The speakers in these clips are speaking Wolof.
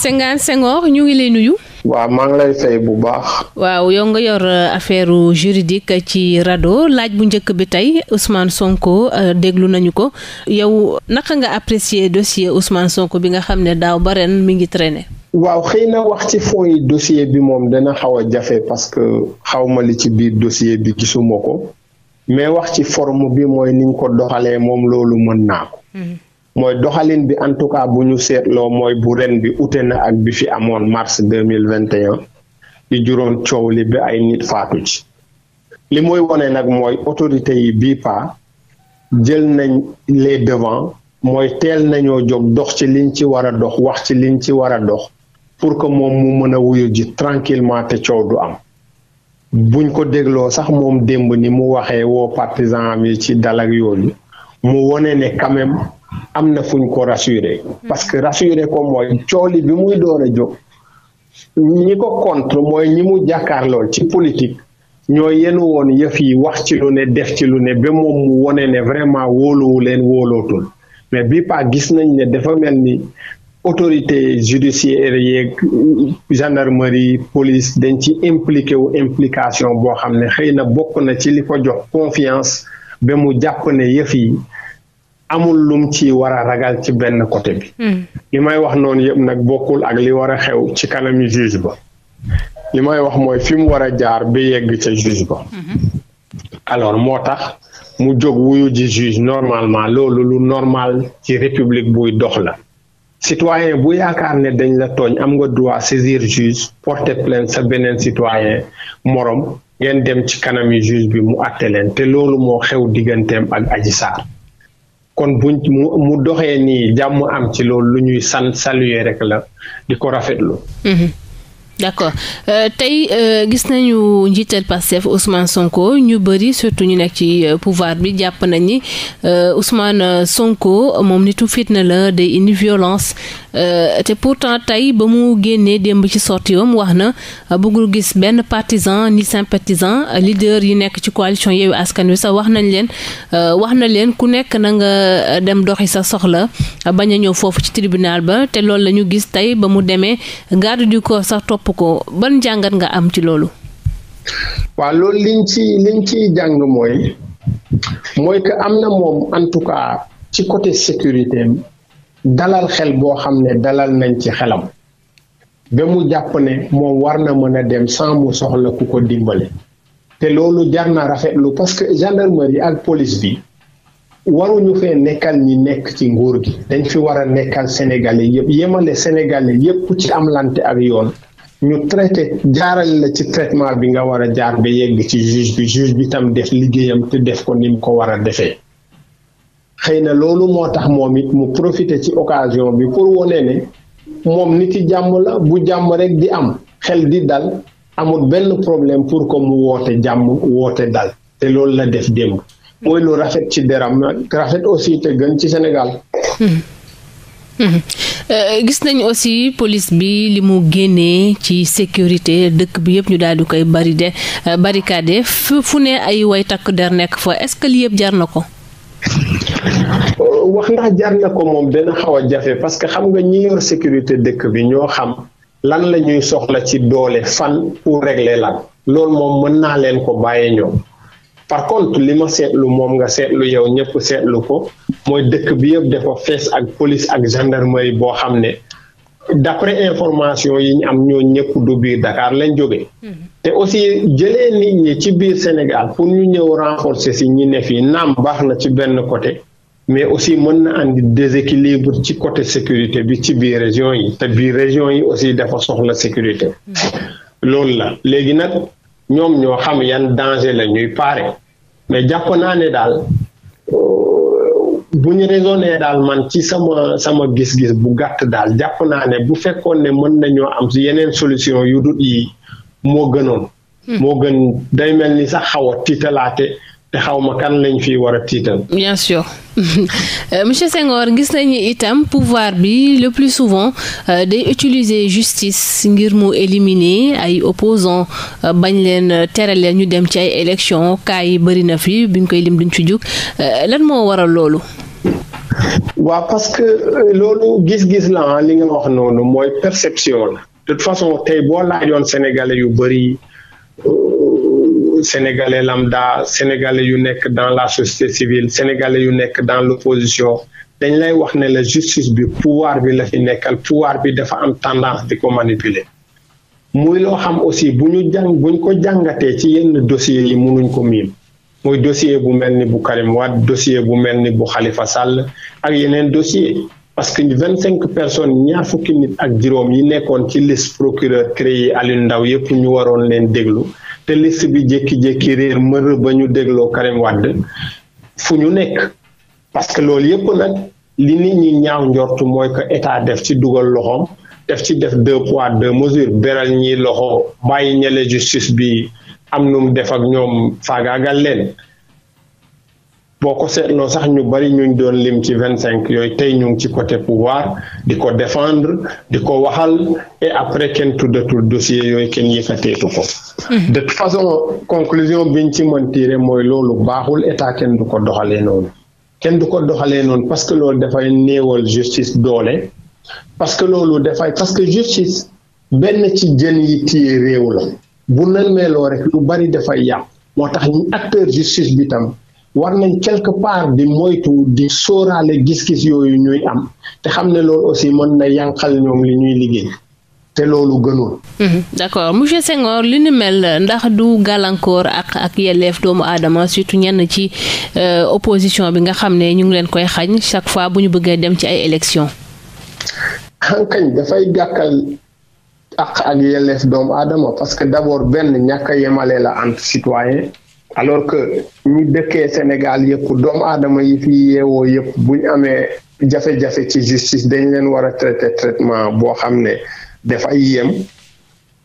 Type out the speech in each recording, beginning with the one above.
Senghane Senghor ñu ngi lay nuyu. waaw maa ngi lay fay bu baax. waaw yow nga yor euh, affaire juridique ci RADDHO laaj bu njëkk bi tey Ousmane Sonko euh, déglu nañu ko yow naka nga apprécier dossier Ousmane Sonko bi nga xam ne daaw ba ren mi ngi traîner. waaw xëy na wax ci fond yi bi moom dana xaw a jafe parce que xaw ma li ci biir dossier bi gisuma ko mais wax ci forme bi mooy niñ ko doxalee moom loolu mën naa ko. Mhm. mooy doxalin bi en tout cas bu ñu seetloo mooy bu ren bi ute na ak bi fi amoon mars deux mille vingt et un di juróon coow li ba ay nit faatu ci li muy wone nag mooy autorités bii pa jël nañ les devants mooy teel nañoo jóg dox ci liñ ci war a dox wax ci liñ ci war a dox pour que moom mu mën a wuyu ji tranquillement te coow du am buñ ko dégloo sax moom démb ni mu waxee woo partisan am yi ci dalak yooyu mu wone ne quand am na fuñ ko rassurer parce que rassurer ko mooy cooli bi muy door a jóg ñi ko contre mooy ñi mu jàkkaarlool ci politique ñoo yenu woon yëf yi wax ci lu ne def ci lu ne ba moom mu wone ne vraiment wóolowu leen woolootul mais bi pa gis nañ ne dafa mel ni autorité judiciaire yeeg gendarmerie police dañ ci impliqué wu implication boo xam ne xëy na bokk na ci li ko jox confiance ba mu jàpp ne yëf yi amul lum ci war a ragal ci benn côté bi. Hmm. li may wax noonu yëpp nag bokkul ak li war a xew ci kanamu juge ba li may wax mooy fi mu war a jaar ba yegg ca juge ba. Hmm. alors moo tax mu jóg wuyu ji juge normalement loolu lu normal ci république buy dox la. citoyen bu yaakaar ne dañ la tooñ am nga droit saisir juge porter plainte sa beneen citoyen morom ngeen dem ci kanami juge bi mu atte leen te loolu moo xew digganteem ak Adji Sarr kon buñ mu doxee ni jàmm am ci loolu lu ñuy sant saluer rek la di ko rafetlu. Mhm. d'accord euh, tey euh, gis nañu njiital Pastef Ousmane Sonko ñu bëri surtout ñu nekk ci euh, pouvoir bi jàpp nañ ni euh, Ousmane Sonko moom nitu fitna la de indi violence Euh, te pourtant tey ba mu génnee démb ci sortiwam wax na euh, bëggul gis benn partisan ni sympathisant euh, leader yi nekk ci coalition Yewwi Askan Wi sax wax nañ leen wax na leen ku nekk na nga dem doxi sa soxla bañ a ñëw foofu ci tribunal ba te loolu la ñu gis tey ba mu demee garde du corps sax topp ko ban jàngat nga am ci loolu. waaw loolu liñ ci liñ ciy jàng mooy mooy que am na moom en tout cas ci côté sécurité dalal xel boo xam ne dalal nañ ci xelam ba mu jàpp ne moom war na mën a dem sans soxla ku ko dimbale te loolu jar na lu parce que gendarmerie ak police bi waruñu fee nekkal ñi nekk ci nguur gi dañ fi war a nekkal sénégalais yëpp yemale sénégalais yëpp ci amlante ak yoon ñu traité jaaral la ci traitement bi nga war a jaar ba yegg ci juge bi juge bi tam def liggéeyam te def ko ni ko war a defee xëy na loolu moo tax moom it mu profité ci occasion bi pour wone ne moom nit ki jàmm la bu jàmm rek di am xel di dal amul benn problème pour que mu woote jàmm woote dal te loolu la def démb mooy lu rafet ci deram rafet aussi te gën ci Sénégal. Hmm. Hmm. Euh, gis nañu aussi police bi li mu génnee ci sécurité dëkk bi yëpp ñu daal di koy bari de euh, barricade fu ne ay way takk der nekk fa est-ce que yëpp jar na ko. wax ndax jar ko moom dina xaw a jafe parce que xam nga ñi sécurité dëkk bi ñoo xam lan la ñuy soxla ci doole fan pour régler lan loolu moom mën naa leen ko bàyyee ñoom par contre li ma seetlu moom nga seetlu yow ñëpp seetlu ko mooy dëkk bi yëpp dafa fees ak police ak gendarmerie boo xam ne d'après information yi ñu am ñoo ñëpp du biir Dakar lañ jógee te aussi jëlee nit ñi ci biir Sénégal pour ñu ñëw renforcer si ñi ne fii naam baax na ci benn côté mais aussi mën na andi déséquilibre ci côté sécurité bi ci biir région yi te biir région yi aussi dafa soxla sécurité loolu la léegi nag ñoom ñoo xam yan danger la ñuy pare mais jàpp naa ne daal bu ñu raisonné daal man ci sama sama gis-gis bu gàtt daal jàpp naa ne bu fekkoon ne mën nañoo am si yeneen solution yu dut yi moo gënoon hmm. moo gën day mel ni sax xaw a tiitalaate te xaw ma kan lañ fi war a tiital. bien sûr euh, monsieur Senghor gis nañu itam pouvoir bi le plus souvent euh, day utiliser justice ngir mu éliminer ay opposants euh, bañ leen terale leen ñu dem ci ay élections cas yi bëri na fi biñ koy lim duñ ci jug lan moo waral loolu. waaw parce que loolu gis-gis la ah, li nga wax noonu mooy perception la de façon tey boo laajoon sénégalais yu bëri. sénégalais lambda sénégalais yu nekk dans la société civile sénégalais yu nekk dans l'opposition dañ lay wax ne la justice bi pouvoir bi la fi nekkal pouvoir bi dafa am tendance di ko manipuler muy loo xam aussi bu ñu jàng buñ ko jàngatee ci yenn dossiers yi mënuñ ko miim muy dossier bu mel ni bu Karim Wade dossier bu mel ni bu xalifa sàll ak yeneen dossier parce que vingt cinq personnes ñaar fukki nit ak juróom yi nekkoon ci liste procureur créé Alioune Ndao yëpp ñu waroon leen déglu te liste bi jékki-jékki réer mër ba ñu dégloo Karim Wade fu ñu nekk parce que loolu yëpp nag li nit ñi ñaaw njortu mooy que état def ci dugal loxoom def ci def deux poids deux mesures beral ñi loxo bàyyi ñele justice bi am nu mu def ñoom fagagal leen boo ko seetloo sax ñu bari ñuñ doon lim ci vingt cinq yooyu tey ñu ngi ci côté pouvoir di ko défendre di ko waxal et après kenn tuddatul dossier yooyu kenn yëkkateetu ko Mm-hmm. de toute façon conclusion biñ ci mën tiire mooy loolu baaxul état kenn du ko doxalee noonu kenn du ko doxalee noonu parce que loolu dafay néewal justice doole parce que loolu dafay parce que justice benn ci jën yi téye réew la bu nërmeeloo rek lu bari dafay yàq moo tax ñu acteur justice bi tam war nañ quelque part di moytu di sóoraale gis-gis yooyu ñuy am te xam ne loolu aussi mën na yànqal ñoom li ñuy liggéey te loolu gënul. Mhm, d' accord monsieur Senghor li ni ndax du gàllankoor ak ak yelleef doomu aadama surtout ñenn ci euh, opposition bi nga xam ne ñu ngi leen koy xañ chaque fois bu ñu bëggee dem ci ay élections. xankañ dafay gàkkal ak yelleef doomu adama parce que d' abord benn ñàkk yemale la entre citoyen alors que ñi dëkkee Sénégal yëpp doomu aadama yi fi yeewoo yëpp bu ñu amee jafe-jafe ci justice dañ leen war a traité traitement boo xam ne. def ay yem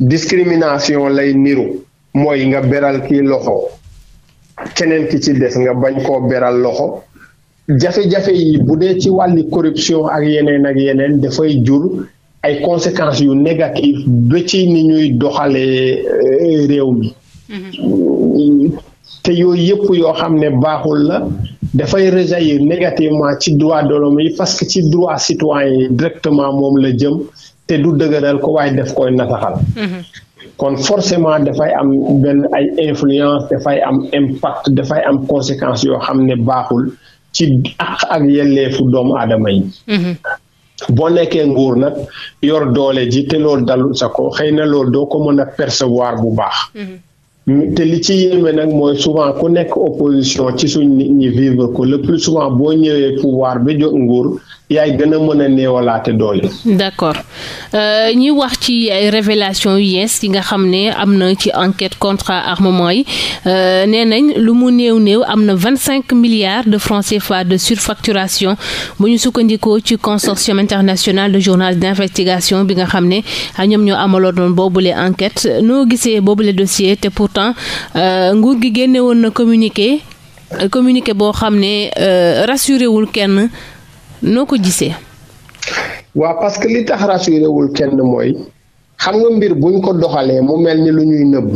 discrimination lay niru mooy nga beral kii loxo keneen ki ci des nga bañ koo beral loxo jafe-jafe yi bu dee ci wàlli corruption ak yeneen ak yeneen dafay jur ay conséquences yu négatives ba ci ni ñuy doxalee euh, réew mi mm-hmm. te yooyu yëpp yoo xam ne baaxul la dafay rejaillir négativement ci droit de l'homme yi parce que ci droit citoyen yi directement moom la jëm te du dëgëral ko waaye def koy nasaxal mm-hmm. kon forcément dafay am benn ay influence dafay am impact dafay am conséquence yoo xam ne baaxul ci àq ak yelleefu doomu aadama yi mm-hmm. boo nekkee nguur nag yor doole ji te loolu dalul sa ko xëy na lool doo ko mën a percevoir bu baax mm-hmm. te li ci yéeme nag mooy souvent ku nekk opposition ci suñ nit ñi vivre ko le plus souvent boo ñëwee pouvoir bi jot nguur yaay gën a mën a néewalaate doole. d'accord euh, ñi wax ci ay révélation yu yees yi nga xam ne am na ci enquête contrat armement yi euh, nee nañ lu mu néew néew am na vingt cinq milliards de francs CFA de surfacturation bu ñu sukkandikoo ci consortium international de journal d'investigation bi nga xam ne ah, ñoom ñoo amaloo doon boobule enquête noo gisee boobule dossier te pourtant euh, nguur gi génne woon na communiqué euh, communiqué boo xam ne euh, rassuré wul kenn. noo ko gisee. waaw parce que li tax rassuré wul kenn mooy xam nga mbir buñ ko doxalee mu mel ni lu ñuy nëbb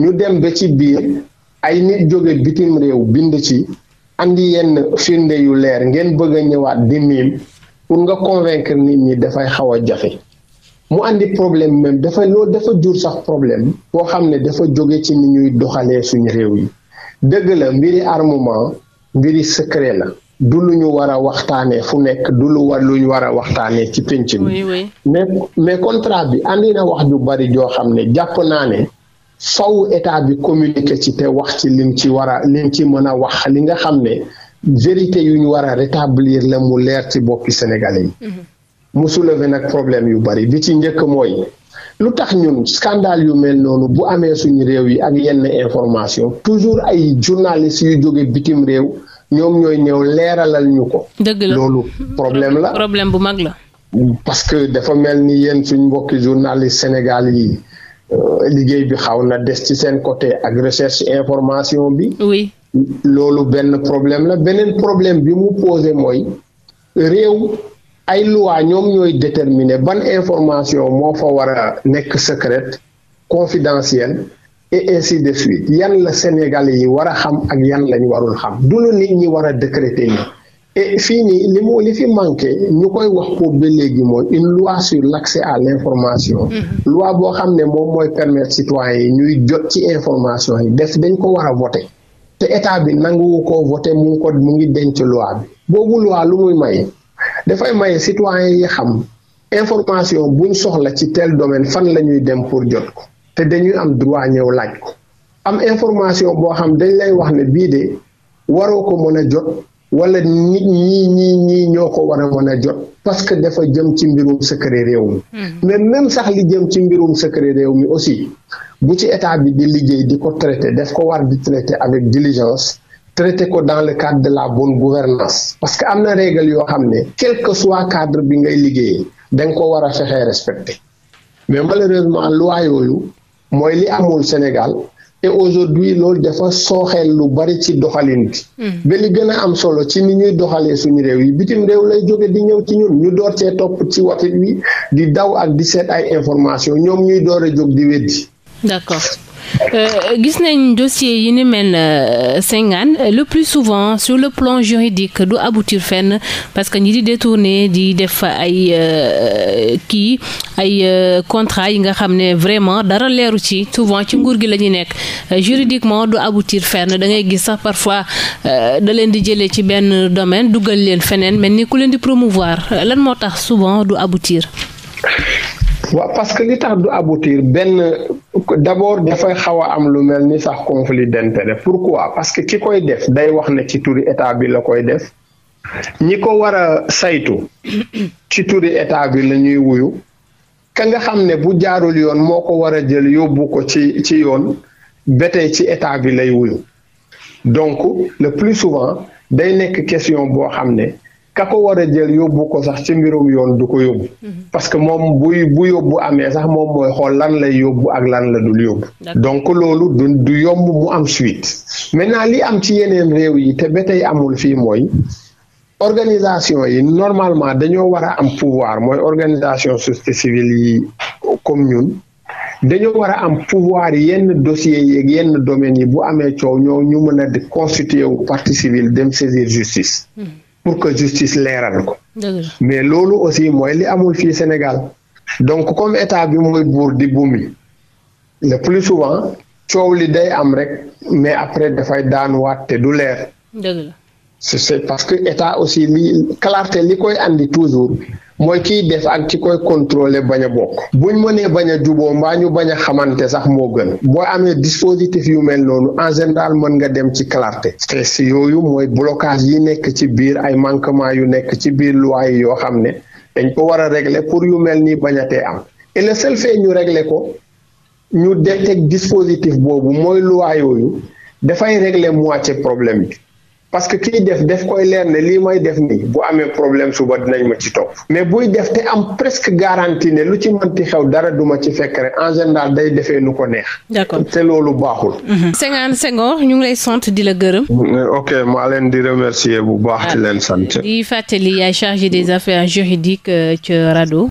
ñu dem ba ci biir ay nit jóge bitim réew bind ci andi yenn firnde yu leer ngeen bëgg ñëwaat di miim pour nga convaincre nit ñi dafay xaw a jafe mu andi problème même dafa loolu dafa jur sax problème boo xam ne dafa jóge ci ni ñuy doxalee suñu réew yi dëgg la mbiri armement mbiri secret la. du lu ñu war a waxtaanee fu nekk du lu war lu ñu war a waxtaanee ci pénc bi mais mais contrat bi andi na wax ju bari joo xam ne jàpp naa ne faw état bi communiqué ci te wax ci lim ci war a lim ci mën a wax li nga xam ne vérité yu ñu war a rétablir la mu leer ci boppi sénégalais yi mhm. mu soulevé nag problème yu bari bi ci njëkk mooy lu tax ñun scandale yu mel noonu bu amee suñu réew yi ak yenn information toujours ay journalistes yu jóge bitim réew ñoom ñooy ñëw leeralal ñu ko. dëgg la loolu problème la problème bu mag la. parce que dafa mel ni yéen suñ mbokki journaliste Sénégal yi euh, liggéey bi xaw na des ci seen côté ak recherche information bi. oui loolu benn problème la beneen problème bi mu posé mooy réew. ay loi ñoom ñooy déterminer ban information moo fa war a nekk secrète confidentielle et ainsi de suite yan la sénégal yi war a xam ak yan lañ warul xam du lu nit ñi war a décréter ni fii nii li mu li fi manqué ñu koy wax pour ba léegi mooy une loi sur l' accès à l' information. Mm-hmm. loi boo xam ne moom mooy permettre citoyens yi ñuy jot ci information yi def dañ ko war voté te état bi nangu ko voter mu ngi ko mu ngi denc loi bi boobu loi lu muy may dafay may citoyens yi xam information buñ soxla ci tel domaine fan la ñuy dem pour jot ko. te dañuy am droit ñëw laaj ko am information boo xam dañ lay wax ne bii de waroo ko mën a jot wala ñii ñii ñii ñoo ko war a mën a jot parce que dafa jëm ci mbirum secret réew mi hmm. mais même sax li jëm ci mbirum secret réew mi aussi bu ci état bi di liggéey di ko traité daf ko war di traité avec diligence traité ko dans le cadre de la bonne gouvernance parce que am na règle yoo xam ne quel que soit cadre bi ngay liggéeyee da nga ko war a fexee respecté mais malheureusement mooy li amul Sénégal te aujourd'hui loolu dafa sooxeel lu bari ci doxalin bi. Hmm. ba li gën a am solo ci ni ñuy doxalee suñu réew yi bitim réew lay jóge di ñëw ci ñun ñu door cee topp ci watit wi di daw ak di seet ay information ñoom ñuy door a jóg di weddi. d'accord euh, gis nañ dossier yi ni mel euh, Senghane le plus souvent sur le plan juridique du aboutir fenn parce que ñi di détourner di def ay euh, kii ay contrat yi nga xam ne vraiment dara leeru ci souvent ci nguur gi la ñuy nekk juridiquement du aboutir fenn da ngay gis sax parfois da leen di jëlee ci benn domaine dugal leen feneen mel ni ku leen di promouvoir lan moo tax souvent du aboutir waaw parce que li tax du aboutir benn d' abord dafay xaw a am lu mel ni sax conflit d'intérêt pourquoi parce que ki koy def day wax ne ci turi état bi la koy def ñi ko war a saytu ci turi état bi la ñuy wuyu ka nga xam ne bu jaarul yoon moo ko war a jël yóbbu ko ci ci yoon betey ci état bi lay wuyu donc le plus souvent day nekk question boo xam ne ka ko war a jël yóbbu ko sax ci mbirum yoon du ko yóbbu. Mhm. parce que moom buy bu yóbbu amee sax moom mooy xool lan lay yóbbu ak lan la dul yóbbu. donc loolu du du yomb mu am suite. maintenant li am ci yeneen réew yi te ba tey amul fii mooy. organisation yi normalement dañoo war a am pouvoir mooy organisation société civile yi comme ñun dañoo war a am pouvoir yenn dossiers yi yenn domaines yi bu amee coow ñoo ñu mën a constituer wu partie civile dem saisir justice. Mhm. pour que justice leeral ko mais loolu aussi mooy li amul fii Sénégal donc comme état bi mooy buur di bumi le plus souvent coow li day am rek mais après dafay daanuwaat te du leer c'est parce que état aussi li clarté li koy andi toujours mooy kiy des ak ki koy contrôler bañ a bokk buñ mënee bañ a juboo mbaa ñu bañ a xamante sax moo gën boo amee dispositif yu mel noonu en mën nga dem ci clarté si yooyu mooy blocage yi nekk ci biir ay manquement yu nekk ci biir loi yi yoo xam ne dañ ko war a régler pour yu mel nii bañ a tee am et le ñu régler ko ñu détecte dispositif boobu mooy loi yooyu dafay régler moitié problème bi parce que kiy def def koy leer ne lii may def nii bu amee problème suba dinañ ma ci topp mais buy def te am presque garantie ne lu ci mënti xew dara duma ci fekk rek en général day defee nu ko neex. d'accord te loolu baaxul. Mhm. Senghane Senghor ñu ngi lay sant di la gërëm. ok maa leen di remercier bu baax. di leen sant di fàttali yaay chargé des affaires juridiques euh, ca RADDHO.